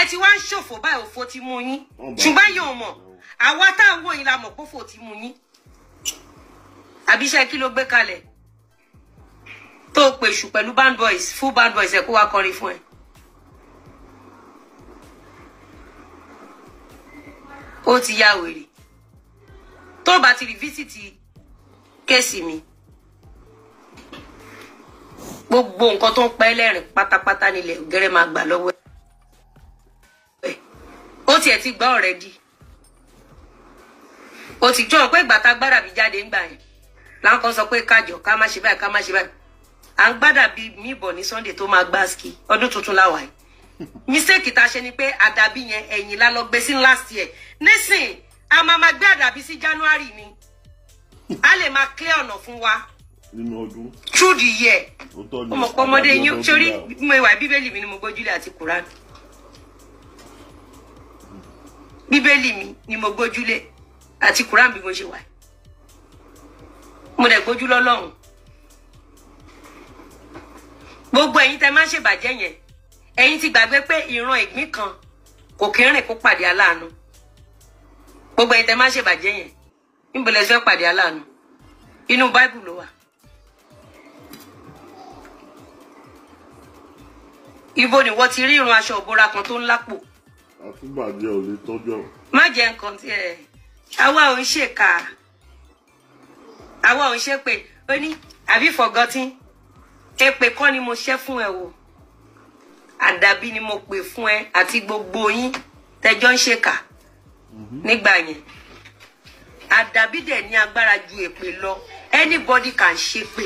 ẹ ti wá ń ṣòfò báyìí òfò ti mú yín ṣùgbọ́n yóò mọ̀ àwa tá à ń wò yín la mọ̀ pófò ti mú yín àbí iṣẹ́ kí ló gbé kalẹ̀ tó o pèsù pẹ̀lú band boys full band boys ẹ̀ kó wá kọrin fún ẹ. ó ti ya wèrè tó o bá ti rí físítì kéèsì mi gbogbo nǹkan tó ń pẹ́ lẹ́rìn pátápátá nílẹ̀ ògẹ́rẹ́ máa gbà lọ́wọ́ ẹ̀ tiẹ̀ ti gbọ́ already ó ti jọ pé ìgbà tá gbádà bí jáde ń gbà yẹn láwọn kan sọ pé kájọ ká má ṣe báyìí ká má ṣe báyìí à ń gbádà bí mí bọ̀ ní Sunday tó máa gbá ski ọdún tuntun láwa yìí mistake tá a ṣe ni pé àdàbí yẹn ẹ̀yìn la sí last year nísìn a máa máa gbé àdàbí sí January ni a lè máa clear ọ̀nà fún wa nínú ọdún. through the year ọmọ pọmọdé yín torí mo ìwà bíbélì mi ni mo gbójúlé àti Kùránì bíbélì mi ni mo gbójúlé àti quran bí mo ṣe wà mo dẹ̀ gbójú lọ́lọ́run gbogbo ẹ̀yin tẹ́ máa ń ṣèbàjẹ́ yẹn ẹ̀yin ti gbàgbé pé ìran ìgbín kan kò kí ń rìn kó pàdé aláàánú gbogbo ẹ̀yin tẹ́ máa ń yẹn níbo lẹ pàdé aláàánú inú báìbù ló wà. ibo ni wọ́n ti rí irun aṣọ òbora kan tó ń lápò àtúgbàjẹ ò lè tọjọ. má jẹ nǹkan tí ẹ àwa ò ń ṣèkà àwa ò ń ṣépè ó ní àbí fọgọtí èpè kọ́ ni mo ṣẹ́ fún ẹ o àdàbí ni mo pè fún ẹ àti gbogbo yín tẹjọ́ ń ṣèkà mhm. nígbà yẹn àdàbí dẹ̀ ní agbára ju èpè lọ anybody can ṣépè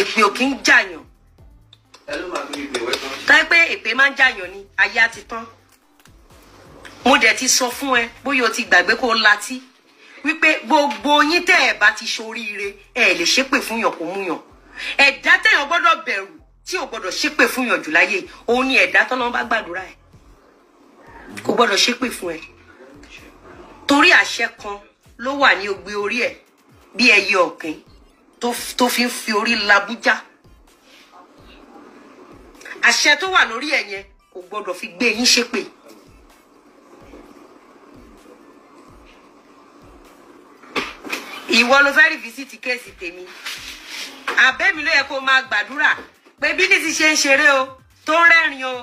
èpè ò kí ń jàyàn táyé pé èpè máa ń jàyàn ni ayé á ti tán mo dẹ̀ ti sọ fún ẹ bóyá o ti gbàgbé kó o latí wípé gbogbo yín tẹ́ ẹ̀ bá ti ṣoríire ẹ̀ lè ṣépè fún yàn kó mú yàn ẹ̀dá tẹ̀yàn gbọ́dọ̀ bẹ̀rù tí ò gbọ́dọ̀ ṣépè fún yàn jù láyé òun ni ẹ̀dá tọ́lọ́run bá gbàdúrà ẹ̀ kò gbọ́dọ̀ ṣépè fún ẹ torí àṣẹ kan ló wà ní ogbe orí ẹ̀ bí ẹyẹ ọ̀kìn tó fi ń fi orí labújá àṣẹ tó wà lórí ẹ̀ yẹn kò gbọ́dọ̀ fi gbé yín ṣépè. ìwọ ló fẹ́ rìfísìtì kéèsì tèmi àbẹ́mi ló yẹ kó máa gbàdúrà pé bí nísì ṣe ń ṣeré o tó ń rẹ́rìn o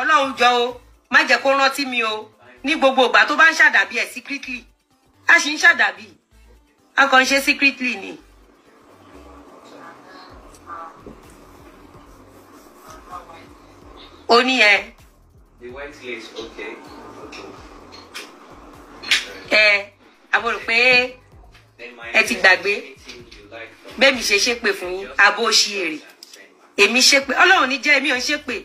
ọlọ́run jọ o má jẹ́ kó rántí mi o ní gbogbo ìgbà tó bá ń ṣàdàbí ẹ̀ secretly a sì ń ṣàdàbí a kàn ń ṣe secretly ni. o ni The white lace, pe. E ti gbagbe. Be mi se se fun yin, abo si ere. Emi se pe, ni je emi o se pe.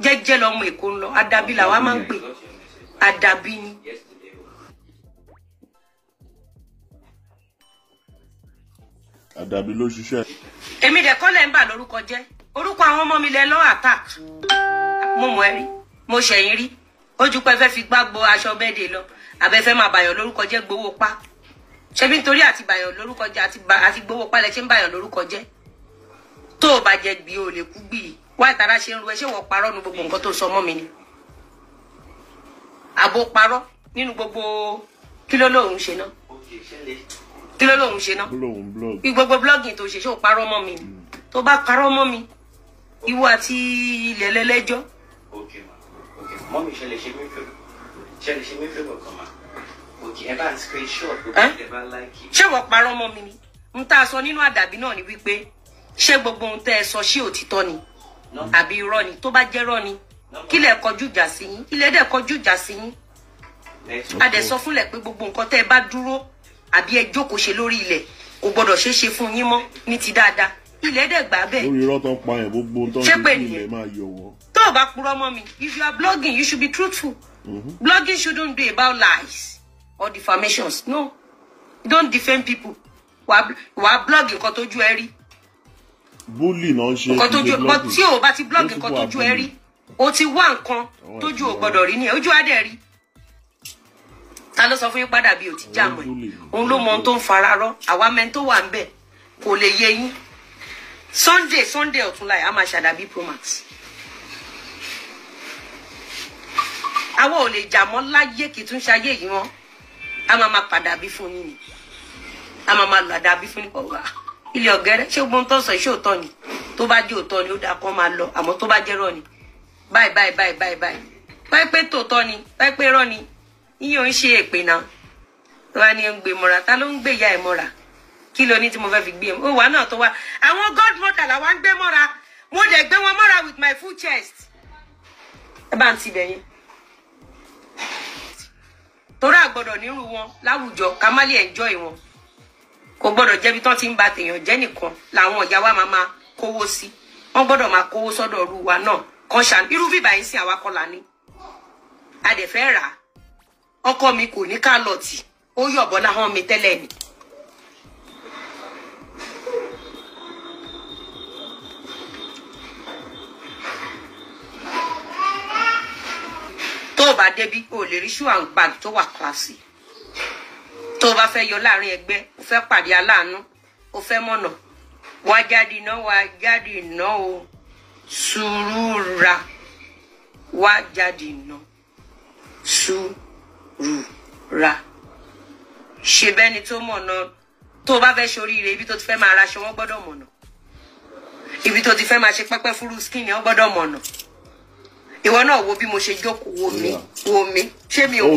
Je je lo mo Eko nlo, Adabi la wa ma npe. Adabi ni. lo sise. Emi de ko mba n ba loruko je. Oruko awon omo mi le lo mo mọ̀ mo ṣẹ̀yìn rí ojú pé fẹ́ fi gbàgbó aṣọ bẹ́ẹ̀dẹ̀ lọ àbẹ́fẹ́ máa bàyàn lórúkọ jẹ́ gbowó pa ṣebí nítorí àti bàyàn lórúkọ jẹ́ àti gbowó pa lẹ ṣe ń bàyàn lórúkọ jẹ́ tó o bá jẹ gbì o lè kú gbì wá ìtara ṣe ń ru ẹ ṣé wọ́n nu gbogbo nǹkan tó sọ mọ́ mi ni àbò parọ́ nínú gbogbo kí ló lóun ṣe ná kí ló lóun ṣe ná gbogbo blogging tó ṣe ṣé o parọ́ mọ́ mi ni mm. tó bá parọ́ mọ́ mi ìwọ àti ilẹ̀ lẹ́lẹ́jọ́ òkè ma. òkè mà mọ́mí ṣe lè ṣe mí fẹ́ ṣe lè ṣe mí fẹ́ kankan mà òkè ẹ bá ń screenshot òkè ẹ bá láìkì. ṣé wọ́n parọ́ mọ́ mi ni n tá a sọ nínú àdàbí náà ni wípé ṣé gbogbo ohun tẹ́ ẹ sọ ṣé òtítọ́ ni àbí irọ́ ni tó bá jẹ́ irọ́ ni kílẹ̀ kọjú ìjà sí yín ilẹ̀ dẹ̀ kọjú ìjà sí yín a dẹ̀ sọ fúnlẹ̀ pé gbogbo nǹkan tẹ́ ẹ bá dúró àbí ẹ jókòó ṣe lórí ilẹ̀ kò gbọdọ̀ ṣeé ṣe fún yín mọ́ ní ti dáadáa ilẹ̀ dẹ̀ gbà bẹ́ẹ̀. lórí irọ́ tó o bá purọ́ mọ́ mi if you are blogging you should be truthful mm-hmm. blogging shouldn't be about lies or defamations no don't defend people wàá blog nǹkan tójú ẹ rí. búlì náà ń ṣe ìdílé blogging but tí o bá ti blog nǹkan tójú ẹ rí o ti wá nǹkan oh, tójú ò gbọ́dọ̀ rí nìyẹn ojú adẹ rí ta ló sọ fún yín padà bí o ti já mọ́ òun ló mọ ohun tó ń fararọ àwa mẹ́ni tó wà ń bẹ̀ kò lè yé yín sunday sunday ọ̀túnla yìí a máa ṣàdàbí promax. àwa ò lè jà mọ́ láyé kì í tún ṣayé yìí wọn a máa máa padà bí fún yín ni a máa máa làdà bí fún yín kọ́ wá ilé ọ̀gẹ́rẹ́ ṣé gbọ́n tó sọ ṣé òótọ́ ni tó bá jẹ́ òótọ́ ni ó dáa kán máa lọ àmọ́ tó bá jẹ́ rọ́ ni báyìí báyìí báyìí báyìí báyìí báyìí pé tòótọ́ ni báyìí pé rọ́ ni yíyan ń ṣe èpè náà wọn ni ń gbé mọ́ra ta ló ń gbé ìyá ẹ̀ mọ́ra kí ló ní tí mo fẹ́ fi gbé e wà náà tó wà àwọn godmother làwọn gbé mọ́ra mo dẹ̀ gbé wọn mọ́ra with my full chest ẹ bá ń tibẹ̀ yẹn torí àgbọ̀dọ̀ nírú wọn láwùjọ ká má lè enjoy wọn kò tán ti ń ba tèèyàn jẹ́ nìkan làwọn ìyá wa máa máa kówó sí wọ́n gbọdọ máa kówó sọdọ ọ̀rú wa náà kan ṣàn irú bíbá yín sí àwa kọ́la ní adẹ̀fẹ́ rà ọkọ mi kò ní kálọ̀tì ó yọ̀bọ̀ láhọ́n mi tẹ́lẹ̀ ni bá débi o lè rí shoe and bag tó wà kíláàsì tó o bá fẹ́ yọ láàrin ẹgbẹ́ o fẹ́ pàdé aláàánú o fẹ́ mọ̀nà wá jáde iná wá jáde iná o sùúrù ra wá jáde iná sùúrù ra ṣe bẹ́ni tó mọ̀nà tó o bá fẹ́ ṣoríire ibi tó ti fẹ́ máa raṣọ wọ́n gbọ́dọ̀ mọ̀nà ibi tó ti fẹ́ máa ṣe pẹ́pẹ́ fúru skin wọ́n gbọ́dọ̀ mọ̀nà ìwọ náà wo bí mo ṣe jókòó wo mi wo mi ṣé mi ò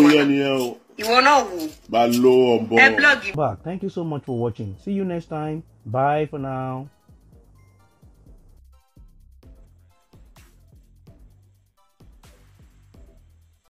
mọ náà wò. bá a lo ọ̀bọ. ẹ blọọgì. thank you so much for watching see you next time bye for now.